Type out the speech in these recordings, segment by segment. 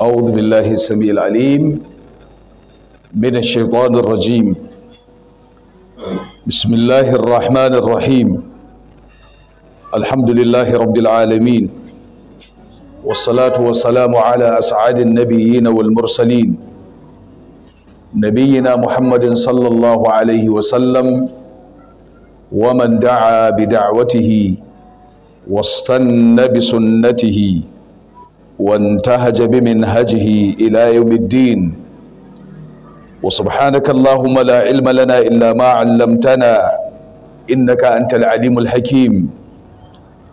أعوذ بالله السميع العليم من الشيطان الرجيم بسم الله الرحمن الرحيم الحمد لله رب العالمين والصلاة والسلام على أسعد النبيين والمرسلين نبينا محمد صلى الله عليه وسلم ومن دعا بدعوته واستنى بسنته وانتهج بمنهجه إلى يوم الدين وسبحانك اللهم لا علم لنا إلا ما علمتنا إنك أنت العليم الحكيم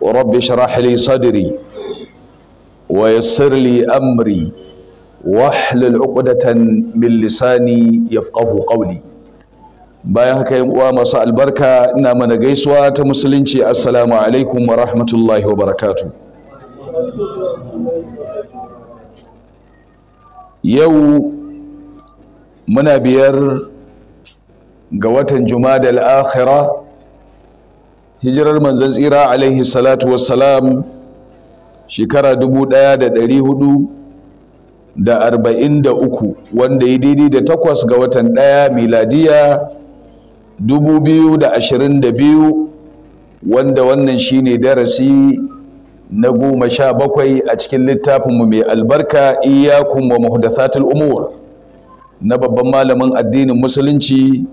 ورب اشرح لي صدري ويسر لي أمري واحلل عقدة من لساني يفقه قولي bayan haka yin uwa masu albarka ina mana gaisuwa ta musulunci assalamu alaikum wa rahmatullahi wa barakatuh yau muna biyar ga watan jumada al'akhira hijirar manzan tsira alaihi salatu wassalam shekara dubu ɗaya da ɗari hudu da arba'in da uku wanda ya daidai da takwas ga watan ɗaya miladiya dubu biyu da ashirin da biyu wanda wannan shine darasi na goma sha bakwai a cikin littafinmu mai albarka iyakun wa muhdathatul umur na babban malamin addinin musulunci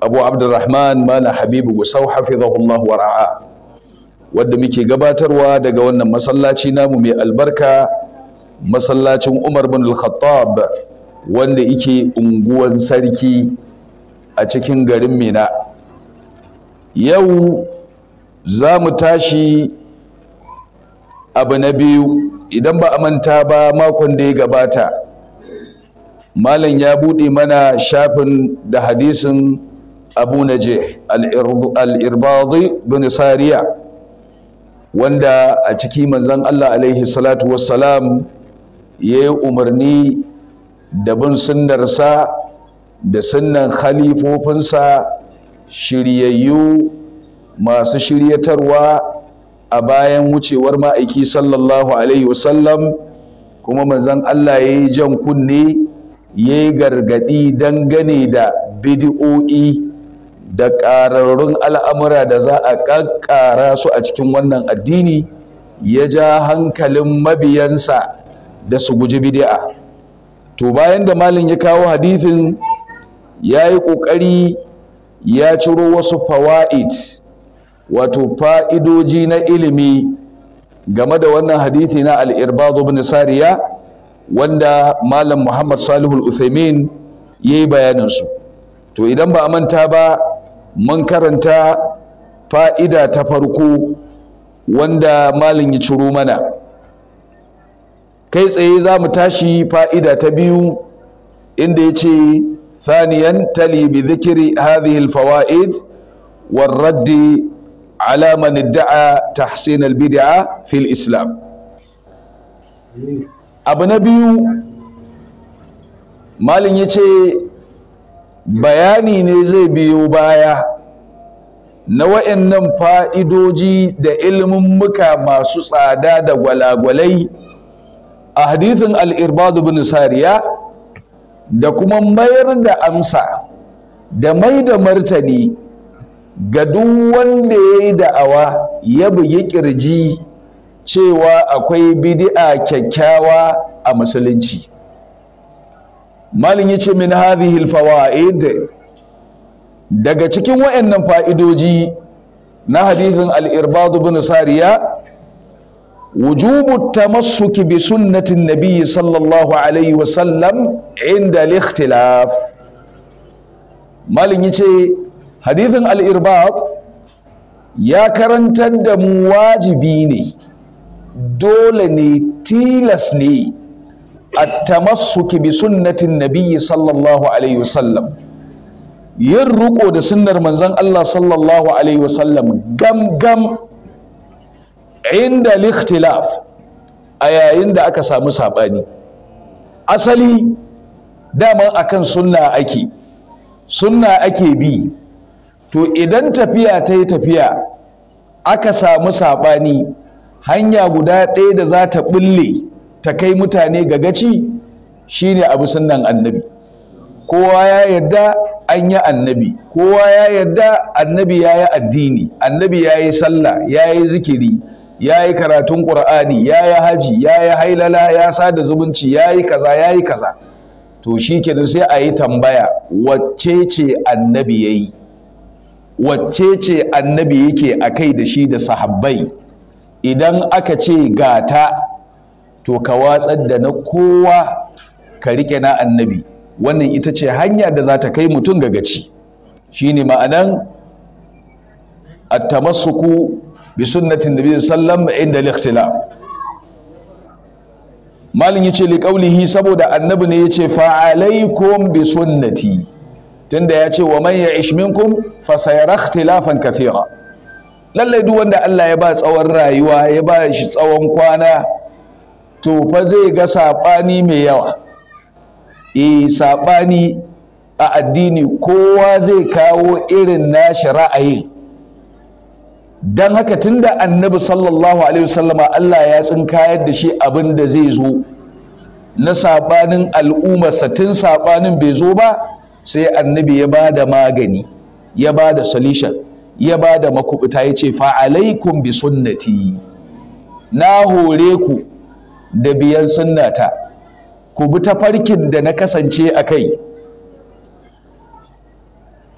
abu abdurrahman malam habibu gusau hafizahullah wa ra'a wadda muke gabatarwa daga wannan masallaci namu mai albarka masallacin umar bin al-khattab wanda yake unguwan sarki a cikin garin mina yau za mu tashi abu na biyu idan ba a manta ba makon da ya gabata malam ya buɗe mana shafin da hadisin abu na je irbadi bin sariya wanda a ciki manzon Allah alaihi salatu wassalam ya yi umarni da bin sunnarsa da sunnan khalifofinsa shiryayyu masu shiryatarwa a bayan wucewar ma'aiki sallallahu alaihi wasallam kuma manzan Allah ya yi jan kunne ya yi gargaɗi dangane da bidi'o'i da ƙararrun al'amura da za a ƙaƙƙara su a cikin wannan addini ya ja hankalin mabiyansa da su guji bidi'a to bayan da malin ya kawo hadithin ya yi ƙoƙari ya ciro wasu fawa'id wato fa'idoji na ilimi game da wannan hadisi na al'irbadu bin sariya wanda malam muhammad salihul uthaymin ya yi bayaninsu to idan ba a manta ba mun karanta fa'ida ta farko wanda malam ya ciro mana kai tsaye za mu tashi fa'ida ta biyu inda ya ce ثانيا تلي بذكر هذه الفوائد والرد ala man da'a tahsin al-bid'a fil islam abu na biyu malin yace bayani ne zai biyo baya na wayannan fa'idoji da ilimin muka masu tsada da gwalagwalai a hadithin al-irbad ibn sariya da kuma mayar da amsa da mai da martani ga duk wanda ya yi da'awa ya bugi ƙirji cewa akwai bidi'a kyakkyawa a musulunci malin ya ce min hadhihi fawaid daga cikin wa'annan fa'idoji na hadithin al-irbad ibn sariya wujubu tamassuk bi sunnatin nabiyyi sallallahu alaihi wa sallam inda al-ikhtilaf malin ya ce hadithin al'irbat ya karantar da mu wajibi ne dole ne tilas ne a tamassuki bi sunnatin nabiyyi sallallahu alaihi wasallam yin riko da sunnar manzon Allah sallallahu alaihi wasallam gam gam inda likhtilaf a yayin da aka samu saɓani asali dama akan sunna ake sunna ake bi to idan tafiya ta yi tafiya aka samu saɓani hanya guda ɗaya da za ta ɓulle ta kai mutane ga gaci shine abu sunan annabi kowa ya yarda an yi annabi kowa ya yarda annabi ya yi addini annabi ya yi sallah ya yi zikiri ya yi karatun ƙur'ani ya yi haji ya yi hailala ya sada zumunci ya yi kaza ya yi kaza to shi kenan sai a yi tambaya wacce ce annabi ya yi wacce ce annabi yake a kai da shi da sahabbai idan aka ce gata to ka watsar da na kowa ka riƙe na annabi wannan ita ce hanya da za ta kai mutum ga gaci ne ma'anan a tamassuku bi sunnatin biyu sallam inda liktila ikhtilaf malin yace li saboda annabi ne yace fa alaikum bi sunnati tunda ya ce wa man ya'ish minkum fa sayara ikhtilafan kathira lallai duk wanda Allah ya ba tsawon rayuwa ya ba shi tsawon kwana to fa zai ga sabani mai yawa eh sabani a addini kowa zai kawo irin nashi ra'ayin don haka tunda annabi sallallahu alaihi wasallama Allah ya tsinkayar da shi abin da zai zo na sabanin al'ummarsa satin sabanin bai zo ba sai annabi ya ba da magani ya ba da solution ya ba da makubuta ya ce fa'alaikun bi sunnati na hore ku da biyan sunnata ku bi ta farkin da na kasance a kai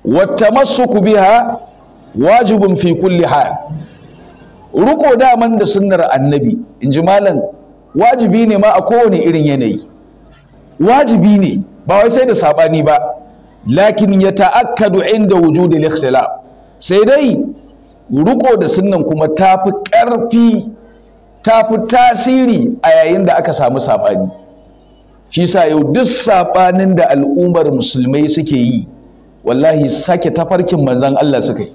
wata masu ku biha wajibin fi kulli hal ruko daman da sunnar annabi in ji malam wajibi ne ma a kowane irin yanayi wajibi ne ba wai sai da sabani ba lakin ya ta'akkadu inda wujudi al-ikhtilaf sai dai ruko da sunnan kuma tafi karfi tafi tasiri a yayin da aka samu saɓani. shi sa yau duk saɓanin da al'ummar musulmai suke yi wallahi sake tafarkin manzon Allah suka yi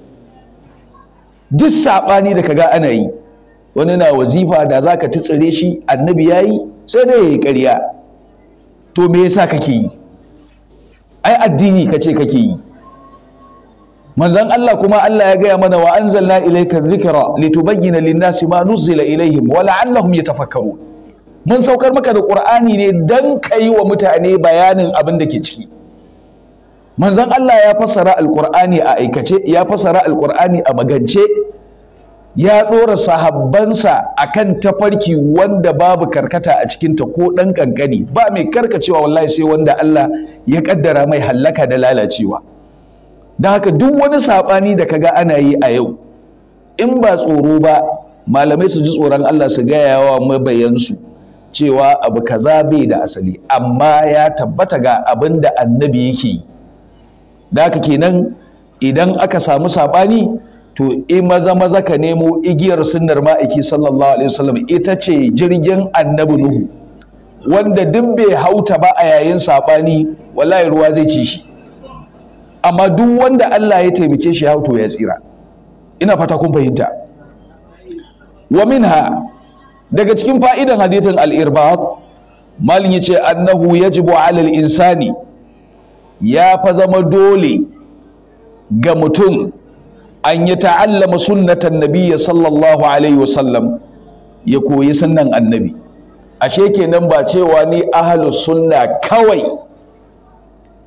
duk sabani da kaga ana yi wani na wazifa da zaka tsire shi annabi yayi sai dai yayi ƙarya to me yasa kake yi ai addini kace kake yi manzon Allah kuma Allah ya gaya mana wa anzalna ilayka dhikra litubayyana lin-nasi ma nuzila ilayhim wa la'allahum yatafakkarun mun saukar maka da Qur'ani ne dan kai wa mutane bayanin abin da ke ciki manzon Allah ya fassara al-Qur'ani a aikace ya fassara al-Qur'ani a magance ya ɗora sahabbansa a kan tafarki wanda babu karkata a cikinta ko ɗan ƙanƙani ba mai karkacewa wallahi sai wanda Allah ya ƙaddara mai hallaka da lalacewa don haka duk wani saɓani da kaga ana yi a yau in ba tsoro ba malamai su ji tsoron Allah su gaya wa mabayansu cewa abu kaza bai da asali amma ya tabbata ga abin da annabi yake yi da haka kenan idan aka samu saɓani to in eh, maza maza ka nemo igiyar sunnar ma'aiki sallallahu alaihi wasallam ita ce jirgin annabi nuhu wanda duk bai hauta ba a yayin sabani wallahi ruwa zai ci shi amma duk wanda Allah ya taimake shi hauto ya tsira ina fata kun fahimta wa minha daga cikin fa'idan hadithin al-irbat malin yace annahu yajibu 'ala al-insani ya fa zama dole ga mutum an yi ta'allama sunnatan Nabiya sallallahu alaihi wasallam ya koyi sunnan annabi ashe kenan ba cewa ni ahlus sunna kawai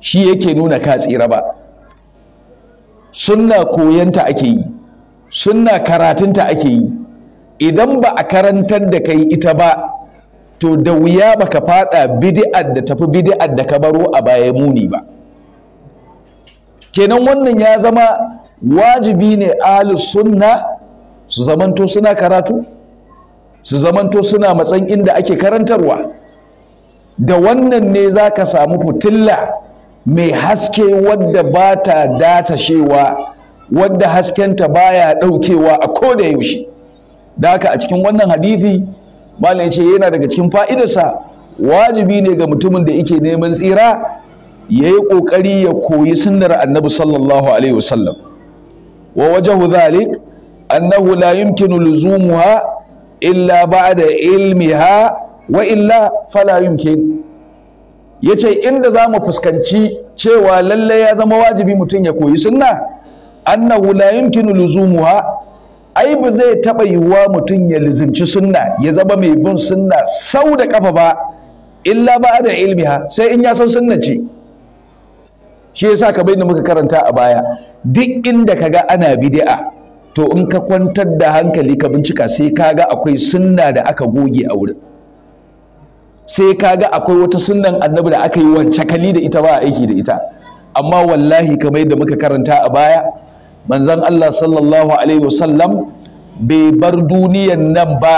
shi yake nuna ka tsira ba sunna koyanta ake yi sunna karatunta ake yi idan ba a karantar da kai ita ba to da wuya baka fada bid'a da tafi bid'a da ka baro a baya muni ba kenan wannan ya zama wajibi ne ahlus sunna su zamanto suna karatu su zamanto suna matsayin inda ake karantarwa da wannan ne za ka samu fitilla mai haske wadda ba ta datashewa wadda haskenta baya daukewa a koda yaushe da haka a cikin wannan hadithi malam ya ce yana daga cikin fa'idarsa wajibi ne ga mutumin da yake neman tsira ya yi ƙoƙari ya koyi sunnar annabi sallallahu alaihi wasallam ووجه ذلك أنه لا يمكن لزومها إلا بعد علمها وإلا فلا يمكن yace inda za mu fuskanci cewa lalle ya zama wajibi mutum ya koyi sunna annahu la yumkinu luzumuha ai ba zai taba yiwuwa mutum ya lizimci sunna ya zama mai bin sunna sau da kafa ba illa ba da ilmiha sai in ya san sunna ce shi yasa kamar yadda muka karanta a baya duk inda ka ga ana bid'a to in ka kwantar da hankali ka bincika sai kaga akwai sunna da aka goge a wurin sai ka ga akwai wata sunnan annabi da aka yi wance kali da ita ba aiki da ita amma wallahi kamar da muka karanta a baya manzon Allah sallallahu alaihi wasallam bai bar duniyan nan ba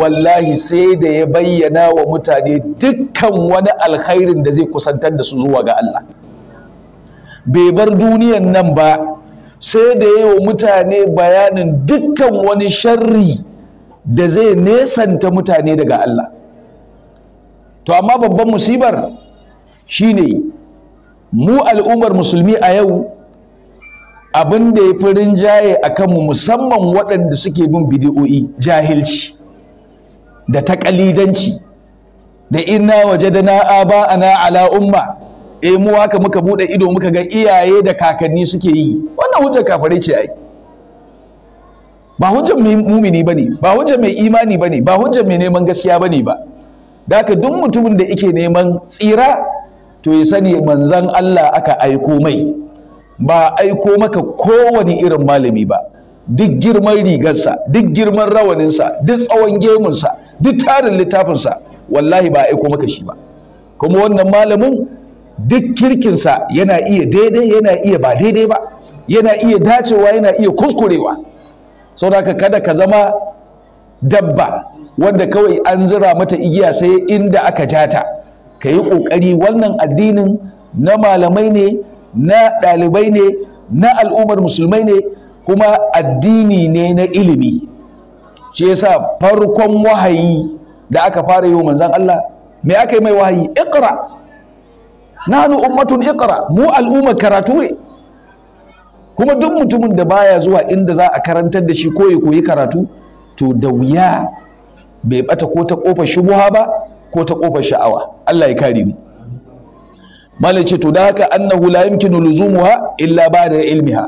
wallahi sai da ya bayyana wa mutane dukkan wani alkhairin da zai kusantar da su zuwa ga Allah bai bar duniyan nan ba sai da yi wa mutane bayanin dukkan wani sharri da zai nesanta mutane daga Allah to amma babban musibar shine mu al'ummar musulmi a yau abin da ya fi rinjaye a kanmu musamman waɗanda suke bin bidi'o'i jahilci da taƙalidanci da ina waje da na'a ba ana ala umma eh mu haka muka bude ido muka ga iyaye da kakanni suke yi wannan hujjar kafare ce ai ba hujjar mai mumini bane ba hujjar mai imani bane ba hujjar mai neman gaskiya bane ba da haka duk mutumin da yake neman tsira to ya sani manzan Allah aka aiko mai ba aiko maka kowane irin malami ba duk girman rigarsa duk girman rawaninsa duk tsawon gemunsa duk tarin littafinsa wallahi ba aiko maka shi ba kuma wannan malamin duk kirkinsa yana iya daidai yana iya ba daidai ba yana iya dacewa yana iya kuskurewa sau da kada ka zama dabba wanda kawai an zira mata igiya sai inda aka jata ka yi ƙoƙari wannan addinin na malamai ne na ɗalibai ne na al'ummar musulmai ne kuma addini ne na ilimi shi yasa farkon wahayi da aka fara yi wa manzan Allah me aka yi mai wahayi iqra nanu ummatun iqra mu al'ummar karatu ne kuma duk mutumin da baya zuwa inda za a karantar da shi ko ya koyi karatu to da wuya bai bata ko ta kofar shubuha ba ko ta kofar sha'awa Allah ya kare mu malai ce to da haka annahu la yumkinu luzumuha illa ba'da ilmiha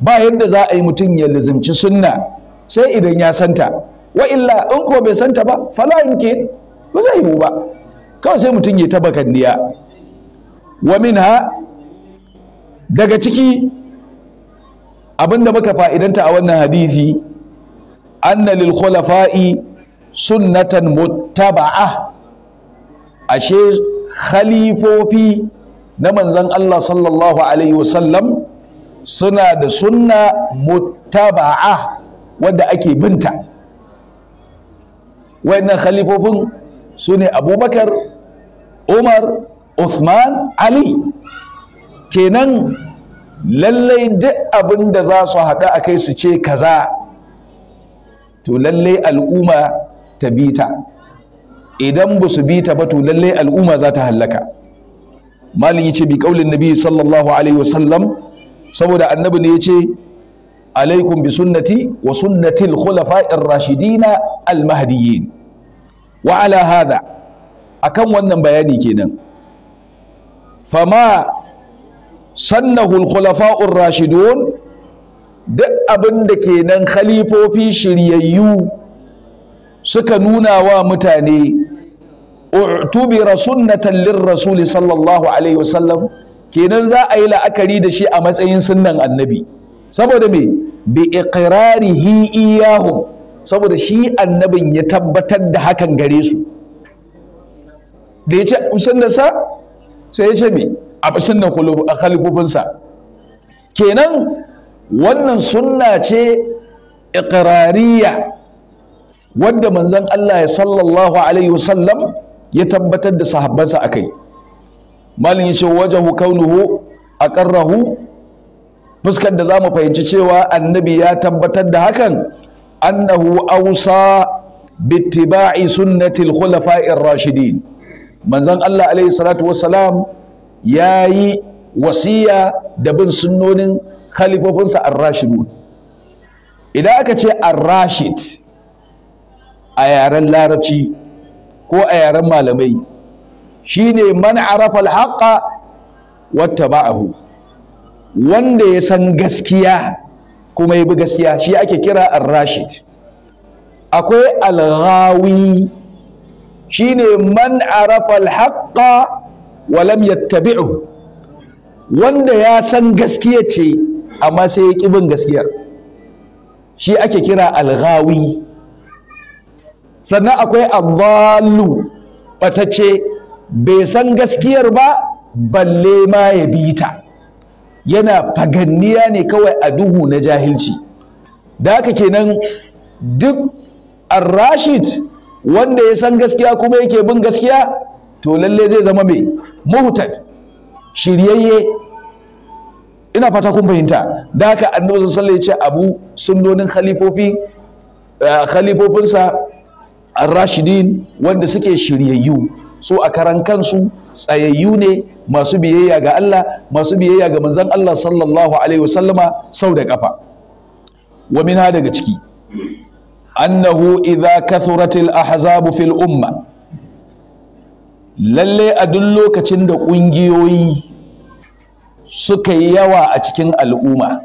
ba yadda za a yi mutum ya luzumci sunna sai idan ya santa wa illa in ko bai santa ba fala yumkin ba zai yiwu ba kawai sai mutum ya taɓa bakanniya wa daga ciki abinda muka fa'idanta a wannan hadisi anna lil khulafa'i sunnatan muttaba'a ashe khalifofi na manzon Allah sallallahu alaihi wasallam suna da sunna muttaba'a wadda ake binta wayannan khalifofin su ne abubakar umar Uthman Ali kenan lallai duk abin da za su haɗu a kai su ce kaza to lallai al'umma ta bita idan ba su bita ba to lallai al'umma za ta hallaka Maliki ce bi kaulin nabi sallallahu alaihi wasallam saboda annabi ne yace alaikum bi sunnati wa sunnatil al-khulafa'ir rashidina al-mahdiyyin wa ala hadha akan wannan bayani kenan fama sannahul khulafa'ur rashidun duk abin da kenan khalifofi shiryayyu suka nuna wa mutane utubira sunnatan lirrasuli sallallahu alaihi wasallam kenan za a yi la'akari da shi a matsayin sunnan annabi saboda me bi iqrarihi iyahum saboda shi annabin ya tabbatar da hakan gare su da ya ce sai ya ce me a bashin da khalifofinsa kenan wannan sunna ce iqrariya wadda manzon Allah ya sallallahu alaihi wasallam ya tabbatar da sahabbansa akai malin yace wajahu kaunuhu aqarrahu fuskar da zamu fahimci cewa annabi ya tabbatar da hakan annahu ausa bittiba'i sunnatil al rashidin manzon Allah alaihi salatu wassalam ya yi wasiya da bin sunnonin khalifofinsa ar-rashidun idan aka ce ar-rashid a yaren larabci ko a yaren malamai shine man arafa al-haqqa wattaba'ahu wanda ya san gaskiya kuma ya bi gaskiya shi ake kira ar-rashid akwai al-ghawi shine man arafa alhaqqa wa lam yattabi'u wanda ya san gaskiya ce amma sai ya ki bin gaskiyar shi ake kira alghawi sannan akwai bata ce bai san gaskiyar ba balle ma ya bi ta yana faganniya ne kawai a duhu na jahilci da haka kenan duk Rashid? wanda ya san gaskiya kuma yake bin gaskiya to lalle zai zama mai muhtad shiryayye ina fata kun fahimta da haka annabi sallallahu alaihi wasallam abu sunnonin khalifofi eh, khalifofinsa ar-rashidin wanda suke shiryayyu su a karan kansu tsayayyu ne masu biyayya ga Allah masu biyayya ga manzon Allah sallallahu alaihi wasallama sau da kafa wa min daga ciki annahu Iza kathuratil ahzabu fil umma lalle a duk lokacin da ƙungiyoyi suka yi yawa a cikin al'umma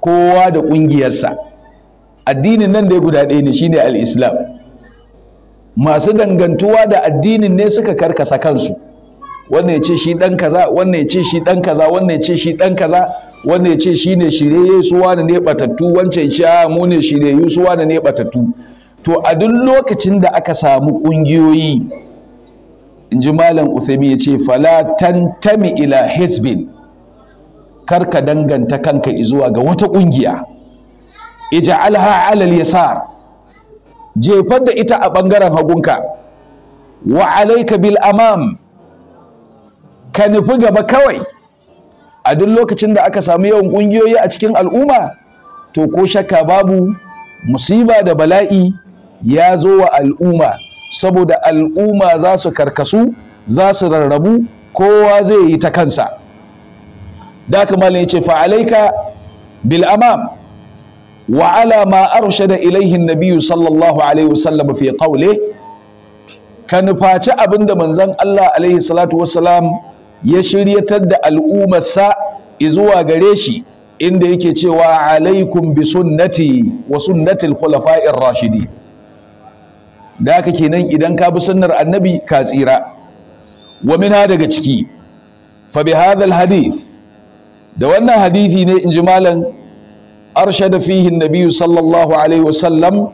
kowa da ƙungiyarsa addinin nan dai guda ɗaya ne shine al-islam masu dangantuwa da addinin ne suka karkasa kansu wannan ya ce shi dan kaza wannan ya ce shi dan kaza wannan ya ce shi dan kaza wannan ya ce shi ne shirye su wani ne batattu wancan shi a ah, mu ne shirye su wani ne batattu to a duk lokacin da aka samu kungiyoyi in ji malam Uthami ya ce fala tantami ila Hezbin. kar ka danganta kanka zuwa ga wata kungiya Ija ala al-yasar jefar da ita a bangaren hagunka wa alayka bil amam ka nufi gaba kawai a duk lokacin da aka samu yawan ƙungiyoyi a cikin al'umma to ko shakka babu musiba da bala'i ya zo wa al'umma saboda al'umma za su karkasu za su rarrabu kowa zai yi ta kansa da kamar ne ce fa'alaika bil amam wa ala ma arshada ilaihin nabiyu sallallahu alaihi wasallam fi qawli ka nufaci abinda manzon Allah alaihi salatu ya shiryatar da al'ummarsa zuwa gare shi inda yake cewa alaikum bi sunnati wa sunnatil khulafa'ir rashidi da haka kenan idan ka bi sunnar annabi ka tsira wa minha daga ciki fa bi hadha hadith da wannan hadithi ne in ji malam arshada fihi nabiyyu sallallahu alaihi wasallam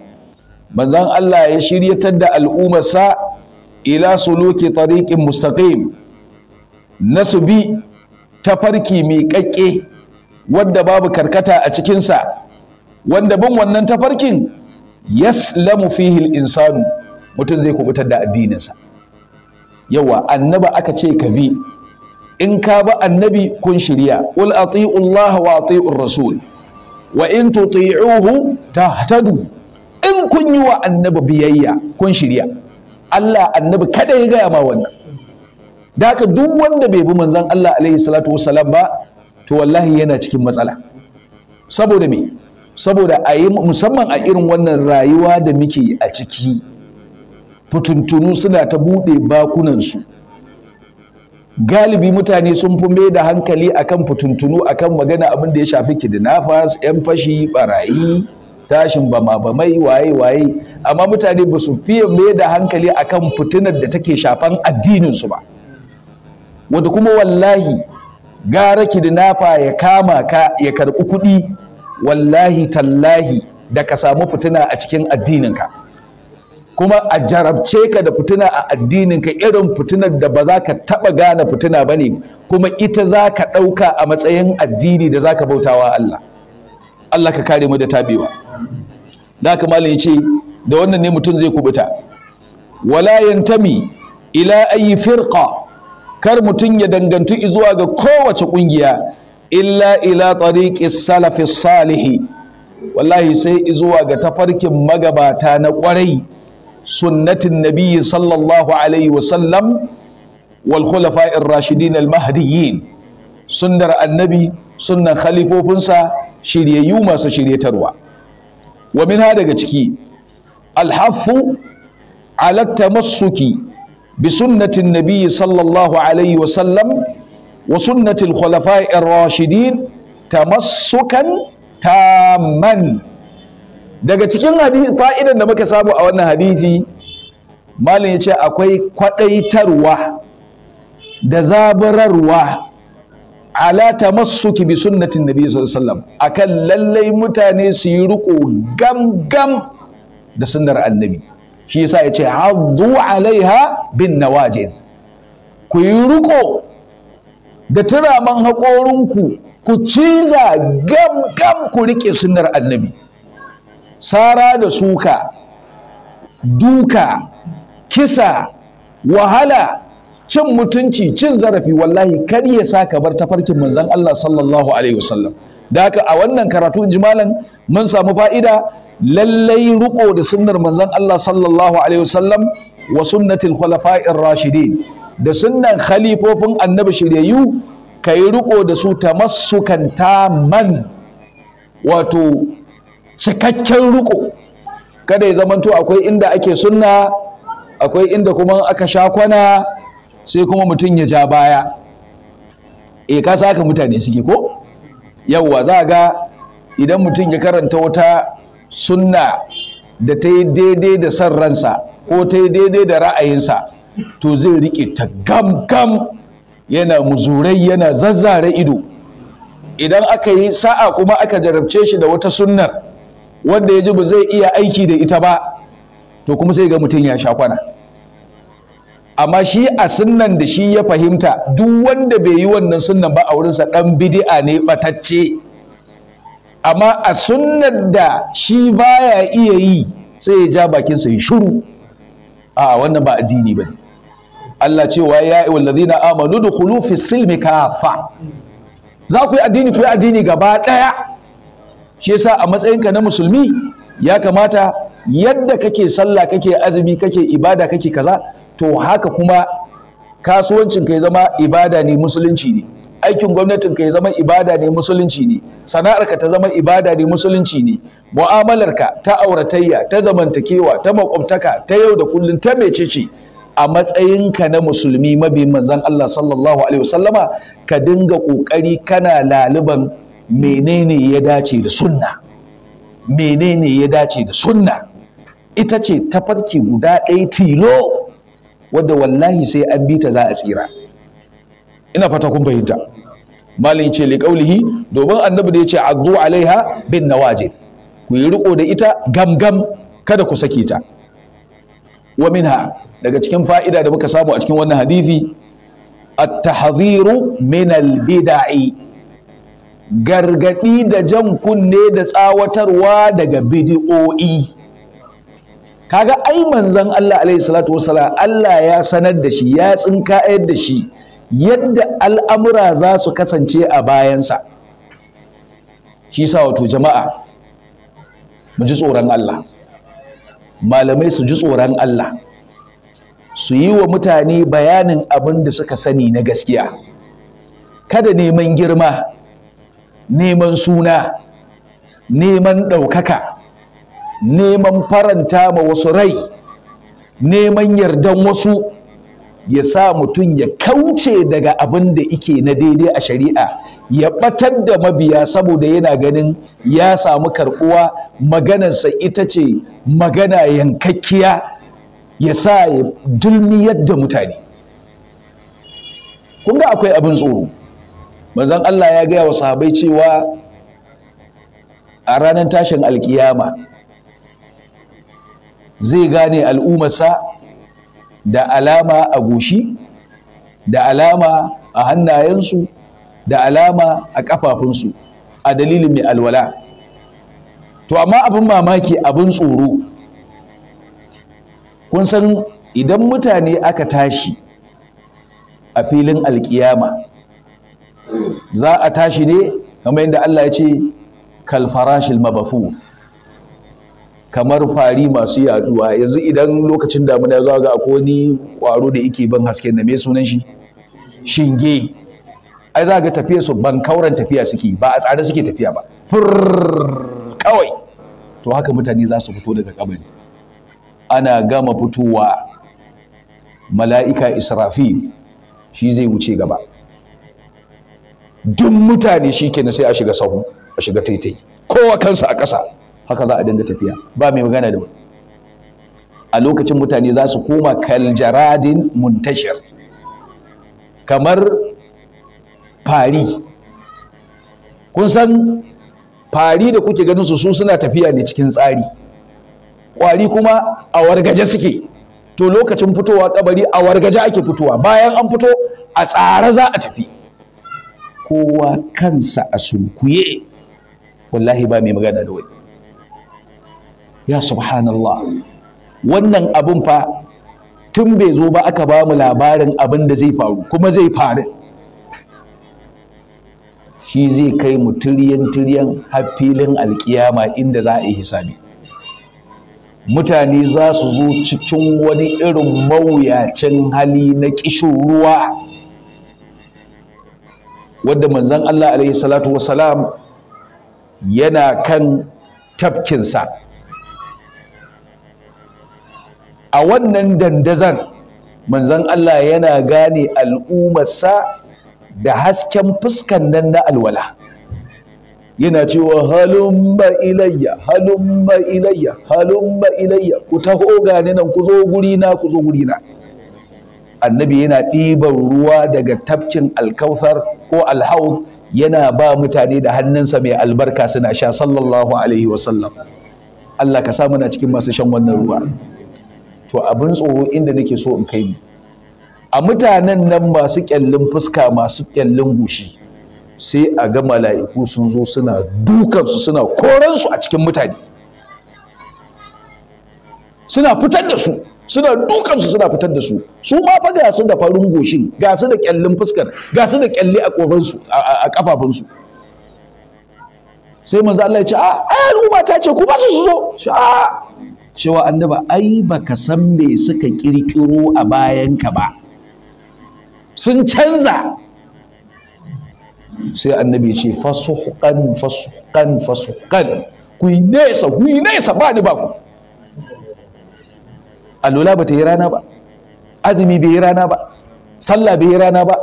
manzon Allah ya shiryatar da al'ummarsa ila suluki tariqin mustaqim na su bi tafarki ƙaƙƙe wadda babu karkata a cikinsa wanda bin wannan tafarkin yaslamu fihi insanu mutum zai kubutar da addininsa yawa annaba aka ce ka bi in ka bi annabi kun shirya qul ati'u Allah wa ati'u rasul wa in tuti'uhu tahtadu in kun yi wa annabi biyayya kun shirya Allah annabi kada ya gaya ma wannan da haka duk wanda bai bi manzon Allah alaihi salatu wassalam ba to wallahi yana cikin matsala saboda me saboda a yi musamman a irin wannan rayuwa da muke a ciki fituntunu suna ta buɗe su. galibi mutane sun fi mai da hankali akan fituntunu akan magana abin da ya shafi kidnappers yan fashi barayi tashin bama bamai waye waye amma mutane ba su fiye mai da hankali akan fitinar da take shafan addininsu ba wanda kuma wallahi gara ki kidnafa ya kama ka ya karɓi kuɗi wallahi tallahi da ka samu fitina a cikin addininka kuma a jarabce ka da fitina a addininka irin fitinar da ba za ka taɓa gane fitina ba ne kuma ita za ka ɗauka a matsayin addini da za ka bautawa Allah Allah ka kare mu da tabewa da haka malam ce da wannan ne mutum zai kubuta wala yantami ila ayi firqa kar mutum ya dangantu zuwa ga kowace ƙungiya illa ila tariqi salafi salihi wallahi sai zuwa ga tafarkin magabata na ƙwarai sunnatin nabiyyi sallallahu alaihi wasallam wal khulafa'ir rashidin al mahdiyyin sunnar annabi sunnan khalifofinsa shiryayyu masu shiryatarwa wa minha daga ciki Al haffu ala tamassuki بسنة النبي صلى الله عليه وسلم وسنة الخلفاء الراشدين تمسكا تاما daga cikin fa'idan da muka samu a wannan hadisi malin ya ce akwai kwadaitarwa da zabararwa ala tamassuki bi sunnatin nabi sallallahu alaihi wasallam akan lallai mutane su yi riko gam gam da sunnar annabi shi yasa ya ce haddu alaiha bin nawajin ku yi riko da turaman haƙorinku ku ciza gam gam ku riƙe sunnar annabi sara da suka duka kisa wahala cin mutunci cin zarafi wallahi kar ya sa ka bar tafarkin manzon Allah sallallahu alaihi wasallam da haka a wannan karatu in ji malam mun samu fa'ida lallai riko da sunnar manzon Allah sallallahu alaihi wasallam wa sunnatil khulafa'ir rashidin da sunnan khalifofin annabi shiryayu kai riko da su ta tamassukan taman wato cikakken riko kada ya zamanto akwai inda ake sunna akwai inda kuma aka sha kwana sai kuma mutum ya ja baya e ka saka mutane suke ko yawwa za ga idan mutum ya karanta wata sunna da ta yi daidai da san ransa ko ta yi daidai da ra'ayinsa to zai riƙe ta gam gam yana muzurai yana zazzare ido idan aka yi sa'a kuma aka jarabce shi da wata sunnar wanda ya ji ba zai iya aiki da ita ba to kuma sai ga mutum ya sha kwana amma shi a sunnan da shi ya fahimta duk wanda bai yi wannan sunnan ba a wurinsa ɗan bidi'a ne batacce amma a sunnar da shi baya iya yi sai ya ja bakinsa ya shuru a wannan ba addini ba Allah ce wa ya yi ladina amanu dukhulu fi silmi kafa za ku yi addini ku yi addini gaba daya shi yasa a matsayinka na musulmi ya kamata yadda kake sallah kake azumi kake ibada kake kaza to haka kuma kasuwancin ya zama ibada ne musulunci ne aikin gwamnatin ka ya zama ibada ne musulunci ne sana'arka ta zama ibada ne musulunci ne mu'amalarka ta auratayya ta zamantakewa ta makwabtaka ta yau da kullun ta mecece a matsayinka na musulmi mabi manzon Allah sallallahu alaihi wasallama ka dinga kokari kana laliban menene ya dace da sunna menene ya dace da sunna ita ce tafarki guda ɗaya tilo wadda wallahi sai an bi ta za a tsira ina fata kun fahimta malin ce li qaulihi domin annabi da yace addu alaiha bin nawajid ku yi riko da ita gamgam kada ku sake ta wa minha daga cikin fa'ida da muka samu a cikin wannan hadisi at-tahdhiru min al bidai gargadi da jan kunne da tsawatarwa daga bid'o'i kaga ai manzon Allah alaihi salatu wassalam Allah ya sanar da shi ya tsinka da shi yadda al'amura za su kasance a bayansa shi sa wato jama'a mu ji tsoron Allah malamai su ji tsoron Allah su yi wa mutane bayanin abin da suka sani na gaskiya kada neman girma neman suna neman ɗaukaka neman faranta ma wasu rai neman yardan wasu ya sa mutum ya kauce daga abin da ike na daidai a shari'a ya ɓatar da mabiya saboda yana ganin ya samu karɓuwa maganarsa ita ce magana yankakkiya ya sa ya dulmiyar da mutane kun akwai abin tsoro manzon Allah ya gaya wa sahabai cewa a ranar tashin alkiyama zai gane al'ummarsa da alama a gushi, da alama a hannayensu da alama a ƙafafunsu a dalilin mai alwala to amma abin mamaki abin tsoro kun san idan mutane aka tashi a filin alkiyama za a tashi ne kamar yadda Allah ya ce kalfarashil mabafuf kamar fari masu yaduwa yanzu idan lokacin damuna ya zo ga akwai wani kwaro da yake ban hasken da me sunan shi shinge ai za ga tafiya su ban kauran tafiya suke ba a tsare suke tafiya ba kawai to haka mutane za su fito daga kabari ana gama fitowa mala'ika israfi shi zai wuce gaba duk mutane shi kenan sai a shiga sahu a shiga taitai kowa kansa a ƙasa haka za a dinga tafiya ba mai magana da wani a lokacin mutane za su koma kaljaradin muntashir kamar fari kun san fari da kuke ganin su su suna tafiya ne cikin tsari kwari kuma a wargaje suke to lokacin fitowa kabari a wargaje ake fitowa bayan an fito a tsare za a tafi kowa kansa a sunkuye wallahi ba mai magana da wani ya subhanallah wannan abun fa tun bai zo ba aka ba mu labarin abin da zai faru kuma zai faru shi zai kai mu tiriyan tiriyan har filin alkiyama inda za a yi hisabi mutane za su zo cikin wani irin mawuyacin hali na kishin ruwa wadda manzon Allah alaihi salatu wasalam yana kan tafkinsa a wannan dandazan manzon Allah yana gane al'ummarsa da hasken fuskan nan na alwala yana cewa halumma ilayya halumma ilayya halumma ilayya ku taho gane nan ku zo gurina, ku zo gurina. annabi yana ɗiban ruwa daga tafkin alkauthar ko alhaud yana ba mutane da hannunsa mai albarka suna sha sallallahu alaihi wasallam Allah ka samu na cikin masu shan wannan ruwa to abin tsoro inda nake so in kai mu a mutanen nan masu kyallin fuska masu kyallin gushi sai a ga mala'iku sun zo suna dukansu suna su a cikin mutane suna fitar da su suna dukansu suna fitar da su su ma fa ga su da farin goshi, ga su da kyallin fuskar ga su da kyalle a su a su. sai manzo Allah ya ce a ah, al'umma ta ce ku ba su su zo a ah, cewa annaba ai baka san me suka kirkiro a bayanka ba sun canza sai annabi ce fasuhqan fasuhqan fasuhqan ku yi nesa ku yi nesa ba ni ba ku alola ba ta yi rana ba azumi bai yi rana ba sallah bai yi rana ba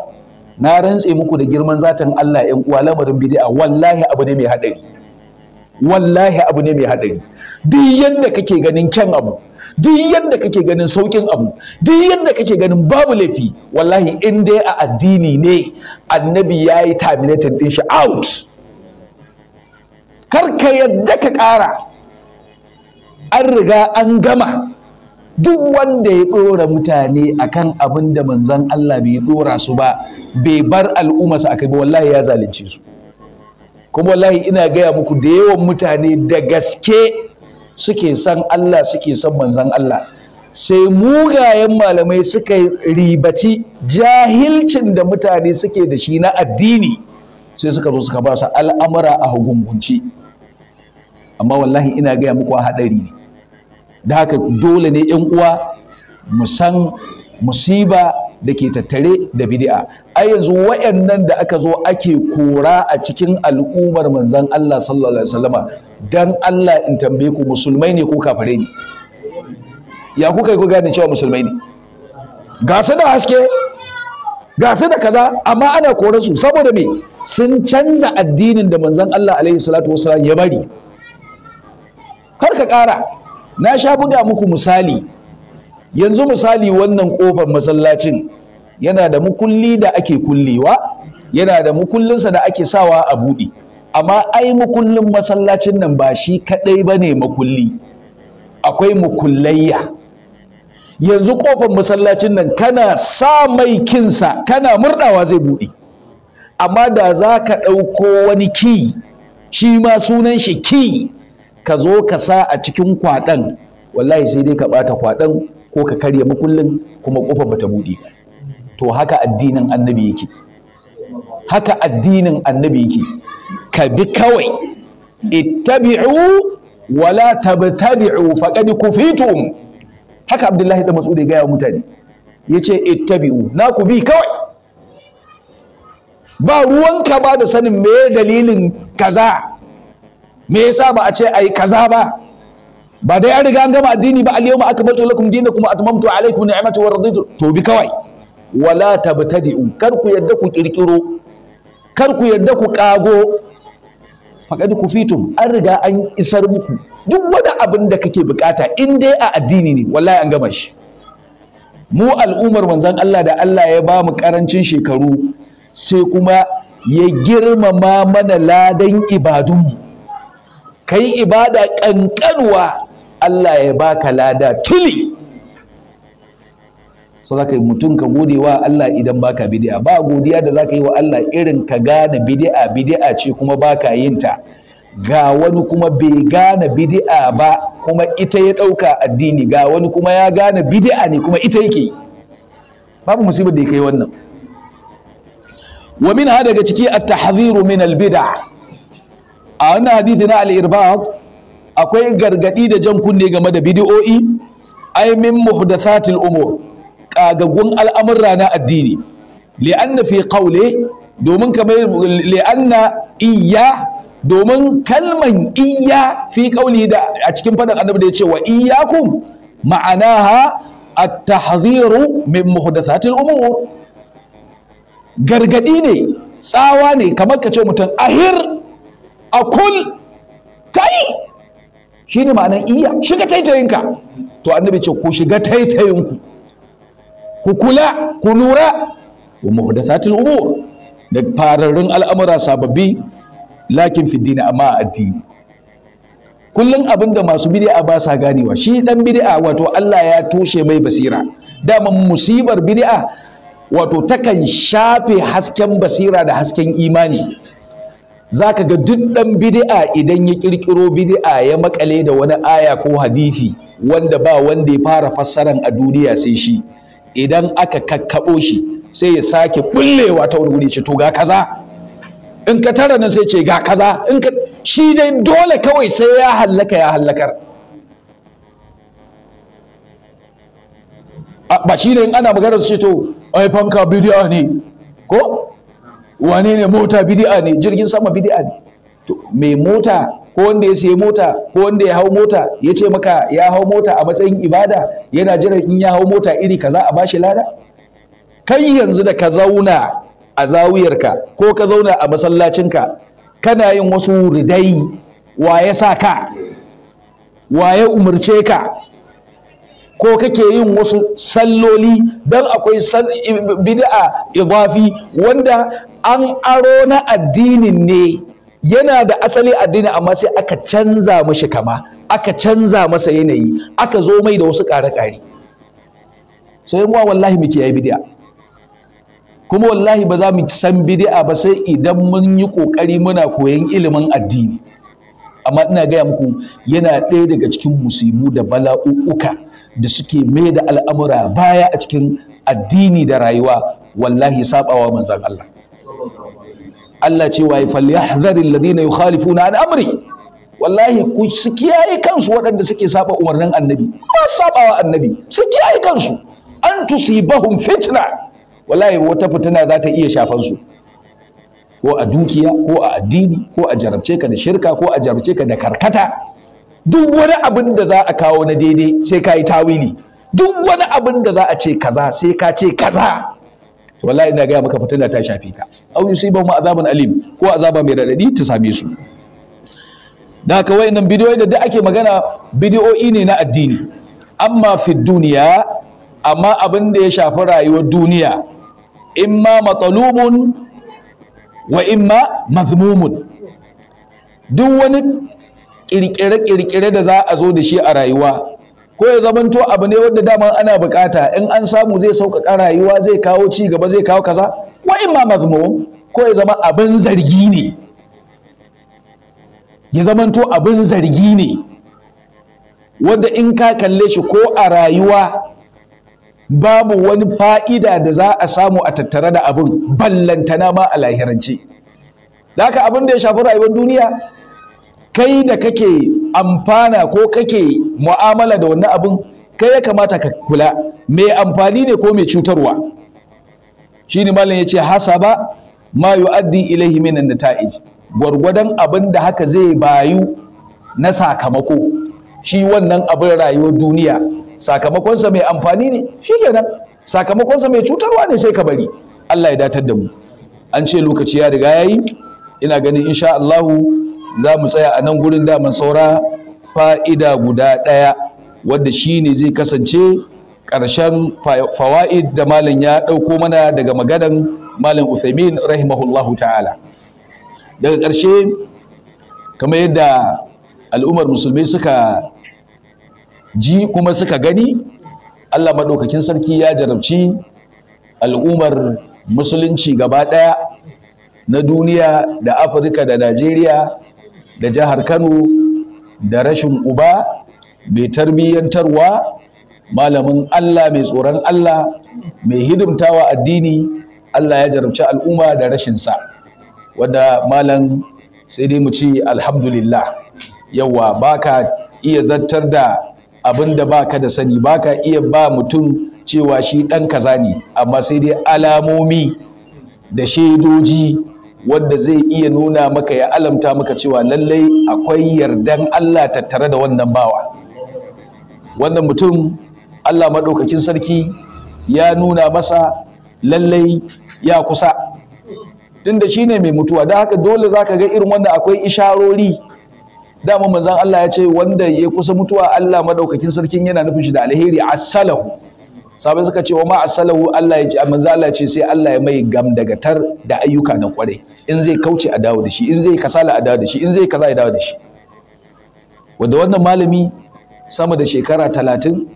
na rantse muku da girman zatan Allah ƴan uwa lamarin bid'a wallahi abu ne mai hadari wallahi abu ne mai hadari duk yadda kake ganin kyan abu duk yadda kake ganin saukin abu duk yadda kake ganin babu laifi wallahi in dai a addini ne annabi ya yi terminating din shi out kar ka yadda ka ƙara an riga an gama duk wanda ya ɗora mutane akan abin da manzan Allah bai dora su ba bai bar a akai ba wallahi ya zalunce su kuma wallahi ina gaya muku da yawan mutane da gaske suke san Allah suke san manzan Allah sai mugayen malamai suka ribaci jahilcin da mutane suke da shi na addini sai suka zo suka ba su al'amura a hukungunci amma wallahi ina gaya muku a haɗari ne da haka dole ne 'yan uwa mu san musiba da ke tattare da bid'a a yanzu wayannan da aka zo ake kora a cikin al'ummar manzon Allah sallallahu alaihi wasallama dan Allah in tambaye ku musulmai ne ko kafare ne ya kuka yi ku gane cewa musulmai ne ga su da haske ga su da kaza amma ana kore su saboda me sun canza addinin da manzon Allah alaihi salatu wasallam ya bari har ka kara na sha buga muku misali yanzu misali wannan kofar masallacin yana da mukulli da ake kullewa yana da mukullinsa da ake sawa a buɗe amma ai mukullin masallacin nan ba shi kaɗai ba ne makulli akwai mukullayya yanzu kofar masallacin nan kana sa mai kinsa kana murɗawa zai buɗe amma da za ka ɗauko wani ki shi ma sunan shi ki ka zo ka sa a cikin kwaɗan wallahi sai dai ka bata kwaɗan ko ka karya makullin, kuma kofar bata buɗe. to haka addinin annabi yake haka addinin annabi yake ka bi kawai ittabi'u wala tabtadi'u faqad kufitum haka abdullahi da mas'ud ya gaya mutane yace ittabi'u na ku bi kawai ba ruwanka ba da sanin me dalilin kaza me yasa ba a ce ai kaza ba ba dai an riga an gama addini ba al-yawma akmaltu lakum dinakum wa atmamtu alaykum ni'mati wa raditu to bi kawai wala tabtadi'u kar ku yadda ku kirkiro kar ku yadda ku kago faqad kufitum an riga an isar muku duk wani abin da kake bukata in dai a addini ne wallahi an gama shi mu al'ummar manzon Allah da Allah ya ba mu karancin shekaru sai kuma ya girmama mana ladan ibadunmu kai ibada kankanwa Allah ya baka lada tili so zaka yi mutum ka gode wa Allah idan baka bid'a ba godiya da zaka yi wa Allah irin ka gane bid'a bid'a ce kuma baka yin ta ga wani kuma bai gane bid'a ba kuma ita ya ɗauka addini ga wani kuma ya gane bid'a ne kuma ita yake babu musibar da ya kai wannan wa min daga ciki at-tahdhiru min al-bid'a a wannan hadisi na al-irbad akwai gargadi da jan kunne game da bidiyo'i ai min muhdathatil umur kagagun al'amurra na addini li'anna fi qawli domin kamar li'anna iya. domin kalman iya fi qawli da a cikin fadar annabi da ya ce wa iyyakum ma'anaha at-tahdhiru min muhdathatil umur gargadi ne tsawa ne kamar ka ce mutum ahir akul kai shine ma'anar iya shiga taitayinka to annabi ce ku shiga taitayinku ku kula ku lura wa muhdathatil umur da fararrun al'amura sababbi lakin fi dini amma addini kullum abin da masu bid'a ba sa ganewa shi dan bid'a wato Allah ya tushe mai basira dama musibar bid'a wato takan shafe hasken basira da hasken imani za ka ga duk ɗan bidi'a idan ya ƙirƙiro bidi'a ya makale da wani aya ko hadithi wanda ba wanda ya fara fassaran a duniya sai shi idan aka kakkaɓo shi sai ya sake bullewa ta wani wuri ce to ga kaza in ka tara nan sai ce ga kaza in ka shi dai dole kawai sai ya hallaka ya hallakar ba shi ne in ana magana su ce to ai fanka bidi'a ne ko wane ne mota bidi'a ne jirgin sama bidi'a ne mai mota ko wanda ya sayi mota ko wanda ya hau mota ya ce maka ya hau mota a matsayin ibada yana jiran in ya hau mota iri kaza a bashi lada kai yanzu da ka zauna a zawiyarka ko ka zauna a masallacinka kana yin wasu ridai wa ya sa ka wa ya umarce ka ko kake yin wasu salloli don akwai bid'a idafi wanda an aro na addinin ne yana da asali addini amma sai aka canza mashi kama aka canza masa yanayi aka zo mai da wasu ƙare-ƙare sai mu wallahi muke yi bid'a kuma wallahi ba za mu san bid'a ba sai idan mun yi kokari muna koyan ilimin addini amma ina gaya muku yana ɗaya daga cikin musibu da bala'u'uka da suke mai da al'amura baya a cikin addini da rayuwa wallahi saɓawa manzan Allah Allah ce wa falyahdharil ladina yukhalifuna an amri wallahi ku su kiyaye kansu waɗanda suke saba umarnin annabi ba sabawa annabi su kiyaye kansu an tusibahum fitna wallahi wata fitina za ta iya shafan su ko a dukiya ko a addini ko a jarabce ka da shirka ko a jarabce ka da karkata duk wani abin da za a kawo na daidai sai ka yi tawili duk wani abin da za a ce kaza sai ka ce kaza wallahi ina gaya maka fitina ta shafe ka au yusibu ma azaban alim ko azaba mai radadi ta same su da haka wayannan bidiyoyi da duk ake magana bidiyoyi ne na addini amma fi duniya amma abin da ya shafi rayuwar duniya imma matalubun wa imma mazmumun duk wani kirkire-kirkire da za a zo da shi a rayuwa ko ya zamanto abu ne wanda dama ana bukata in an samu zai sauƙaƙa rayuwa zai kawo ci gaba zai kawo kaza wa in ma mazmum ko ya zama abin zargi ne ya zamanto abin zargi ne wanda in ka kalle shi ko a rayuwa babu wani fa'ida da za a samu a tattare da abin ballantana ma a lahirance da haka abin da ya shafi rayuwar duniya kai da kake amfana ko kake mu'amala da wannan abun kai ya kamata ka kula mai amfani ne ko mai cutarwa shi ne malam ya ce hasaba ma yu'addi ilaihi minan nata'ij gwargwadon abin da haka zai bayu na sakamako shi wannan abin rayuwar duniya sakamakonsa mai amfani ne shi kenan sakamakonsa mai cutarwa ne sai ka bari Allah ya datar da mu an ce lokaci ya riga yayi ina ganin insha Allahu za mu tsaya a nan gurin daman saura fa'ida guda ɗaya wanda shi ne zai kasance ƙarshen fawa'id da malam ya ɗauko mana daga maganan malam uthaymin rahimahullahu ta'ala daga ƙarshe kamar yadda al'ummar musulmai suka ji kuma suka gani allah maɗaukakin sarki ya jarabci al'ummar musulunci gaba ɗaya na duniya da afirka da najeriya da jihar Kano da rashin uba mai tarbiyyantarwa malamin Allah mai tsoron Allah mai hidimtawa addini Allah ya jarabci al'umma da rashin sa wanda malam sai dai mu ce alhamdulillah yawa baka iya zartar da abin da baka da sani baka iya ba mutum cewa shi ɗan kaza ne amma sai dai alamomi da shaidoji wanda zai iya nuna maka ya alamta maka cewa lallai akwai yardan Allah tattare da wannan bawa wannan mutum Allah maɗaukakin sarki ya nuna masa lallai ya kusa tunda shi ne mai mutuwa da haka dole za ka ga irin wanda akwai isharori dama manzan Allah ya ce wanda ya kusa mutuwa Allah maɗaukakin sarkin yana nufin shi da alheri asalahu sabai suka ce wa ma asalahu Allah ya manzo Allah ce sai Allah ya mai gamdagatar da ayyuka na kwarai in zai kauce a dawo da shi in zai kasala a dawo da shi in zai kaza a dawo da shi wanda wannan malami sama da shekara talatin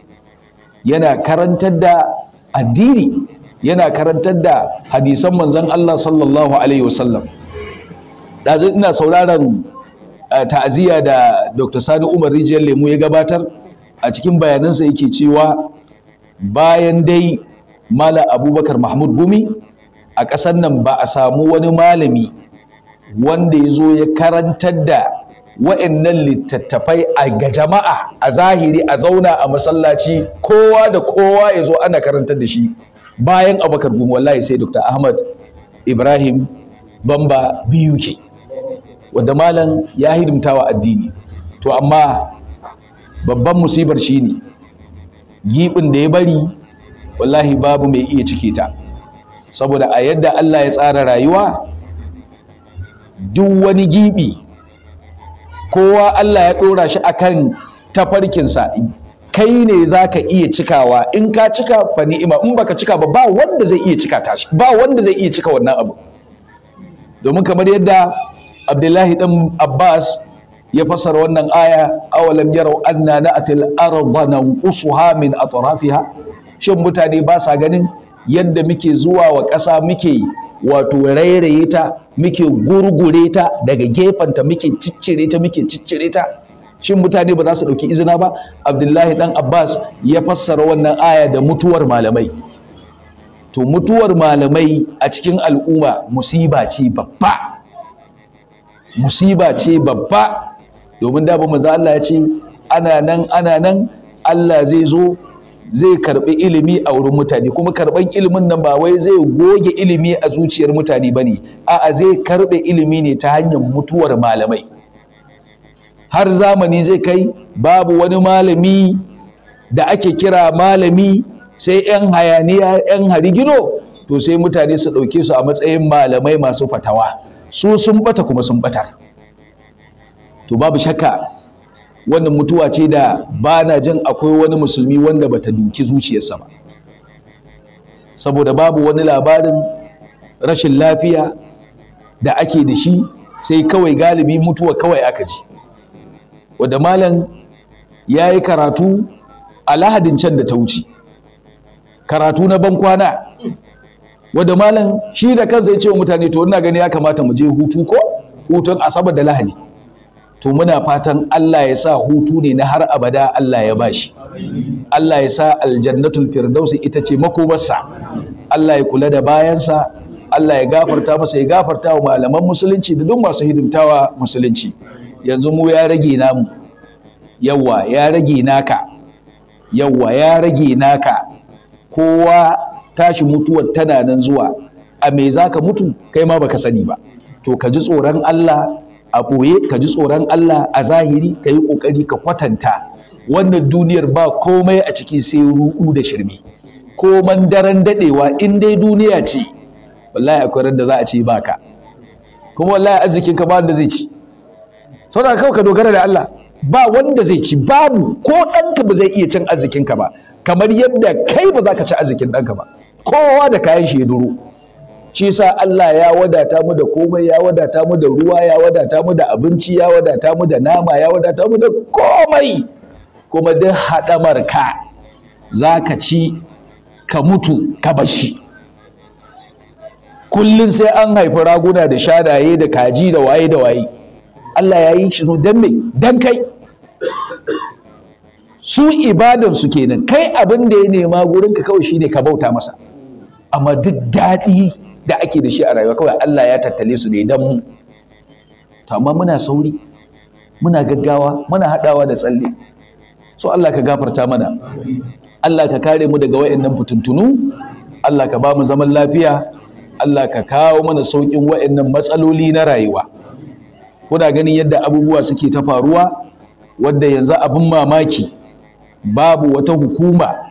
yana karantar da addini yana karantar da hadisan manzon Allah sallallahu alaihi wasallam ɗazu ina sauraron eh, ta'aziyya da Dr. Sani Umar Rijiyar Lemu ya gabatar a cikin bayanansa yake cewa bayan dai mala abubakar mahmud gumi a ƙasar nan ba a samu wani malami wanda ya zo ya karantar da wa'annan littattafai a ga jama'a a zahiri a zauna a masallaci kowa da kowa ya zo ana karantar da shi bayan abubakar gumi wallahi sai dr ahmad ibrahim bamba biyu ke wadda malam ya hidimtawa addini to amma babban musibar shi ne giɓin da ya bari wallahi babu mai iya cike ta saboda a yadda Allah ya tsara rayuwa duk wani giɓi kowa Allah ya ɗora shi akan tafarkinsa kai ne zaka ka iya cikawa in ka cika fa ni'ima in baka cika ba ba wanda zai iya cika tashi ba wanda zai iya cika wannan abu domin kamar yadda abdullahi dan abbas ya fasara wannan aya awalam yarau anna na'atil arda nanqusuha min atrafiha shin mutane ba sa ganin yadda muke zuwa wa ƙasa muke wato rairaye ta muke gurgure ta daga gefenta muke ciccire ta muke ciccire ta shin mutane ba za su ɗauki izina ba abdullahi dan abbas ya fassara wannan aya da mutuwar malamai to mutuwar malamai a cikin al'umma musiba ce babba musiba ce babba domin da ba manzo Allah ya ce ana nan ana nan Allah zai zo zai karbi ilimi a wurin mutane kuma karban ilimin nan ba wai zai goge ilimi a zuciyar mutane bane a'a zai karbe ilimi ne ta hanyar mutuwar malamai har zamani zai kai babu wani malami da ake kira malami sai 'yan hayaniya 'yan harigino to sai mutane su ɗauke su a matsayin malamai masu fatawa su sun bata kuma sun bata. to babu shakka wannan mutuwa ce da ba na jin akwai wani musulmi wanda bata duki zuciyarsa ba saboda babu wani labarin rashin lafiya da ake da shi sai kawai galibi mutuwa kawai aka ji wadda malam ya yi karatu a lahadin can da ta wuce karatu na kwana wadda malam shi da kansa ya ce wa mutane to ina gani ya kamata mu je hutu ko hutun asabar da lahadi to muna fatan Allah ya sa hutu ne na har abada Allah ya bashi Allah ya sa aljannatul firdausi ita ce makobarsa. Allah ya kula da bayansa Allah ya gafarta masa ya gafarta wa malaman musulunci da duk masu hidimtawa musulunci yanzu mu ya rage namu yawa ya rage naka yawa ya rage naka kowa tashi mutuwar tana nan zuwa a me zaka mutu kai ma baka sani ba to ka ji tsoron Allah a ɓoye ka ji tsoron Allah a zahiri ka yi ƙoƙari ka kwatanta wannan duniyar ba komai a cikin sai ruɗu da shirme koman daren daɗewa in dai duniya ce wallahi akwai ran da za a ce baka kuma wallahi arzikin ka ba wanda zai ci saboda kawai ka dogara da Allah ba wanda zai ci babu ko ɗanka ba zai iya cin arzikin ka ba kamar yadda kai ba za ka ci arzikin ɗanka ba kowa da kayan shi ya duro shi sa Allah ya wadata mu da komai ya wadata mu da ruwa ya wadata mu da abinci ya wadata mu da nama ya wadata mu da komai kuma duk haɗamar ka za ka ci ka mutu ka bashi kullum sai an haifi raguna da shadaye da kaji da waye da waye Allah ya yi shi don me don kai su ibadansu kenan kai abin da ya nema gurinka kawai shine ka bauta masa amma duk daɗi da ake da shi a rayuwa kawai Allah ya tattale su ne don mu to amma muna sauri muna gaggawa muna haɗawa da tsalle so Allah ka gafarta mana Allah ka kare mu daga wayannan fituntunu Allah ka ba mu zaman lafiya Allah ka kawo mana sauƙin wayannan matsaloli na rayuwa kuna ganin yadda abubuwa suke ta faruwa wadda yanzu abin mamaki babu wata hukuma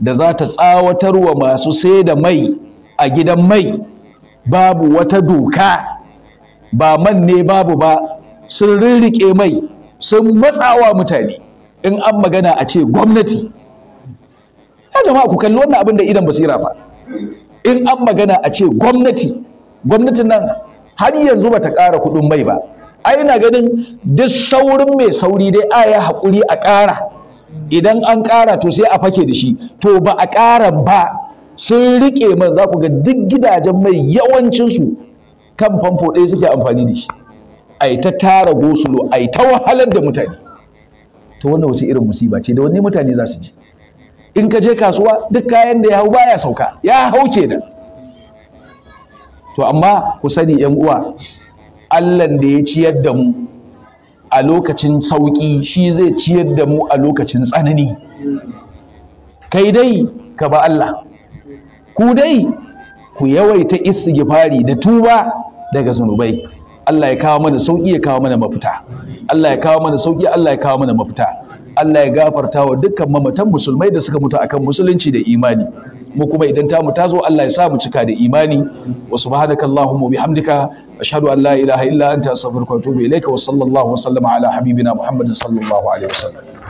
da za ta tsawatar wa masu sai da mai a gidan mai babu wata doka ba man ne babu ba sun rirriƙe mai sun matsawa mutane in an magana a ce gwamnati ya jama'a ku kalli wannan abin da idan basira fa in an magana a ce gwamnati gwamnatin nan har yanzu ba ta ƙara kuɗin mai ba ai ina ganin duk saurin mai sauri dai a ya haƙuri a ƙara idan an ƙara to sai a fake da shi to ba a ƙara ba sun riƙe man za ku ga duk gidajen mai yawancinsu kan famfo ɗaya suke amfani da shi a ta tara gosulo a ta wahalar da mutane to wannan wace irin musiba ce da wani mutane za su ji in ka je kasuwa duk kayan da ya hau baya sauka ya hau kenan to amma ku sani yan uwa Allah da ya ciyar da mu a lokacin sauƙi shi zai ciyar da mu a lokacin tsanani kai dai ka ba Allah ku dai ku yawaita istighfari da tuba daga zunubai Allah ya kawo mana sauƙi ya kawo mana mafita Allah ya kawo mana sauƙi Allah ya kawo mana mafita Allah ya gafarta wa dukkan mamatan musulmai da suka mutu akan musulunci da imani mu kuma idan ta muta ta zo Allah ya sa mu cika da imani wa subhanaka allahumma bihamdika ashhadu an la ilaha illa anta astaghfiruka wa atubu ilayka wa sallallahu wa sallama ala habibina muhammadin sallallahu alaihi wasallam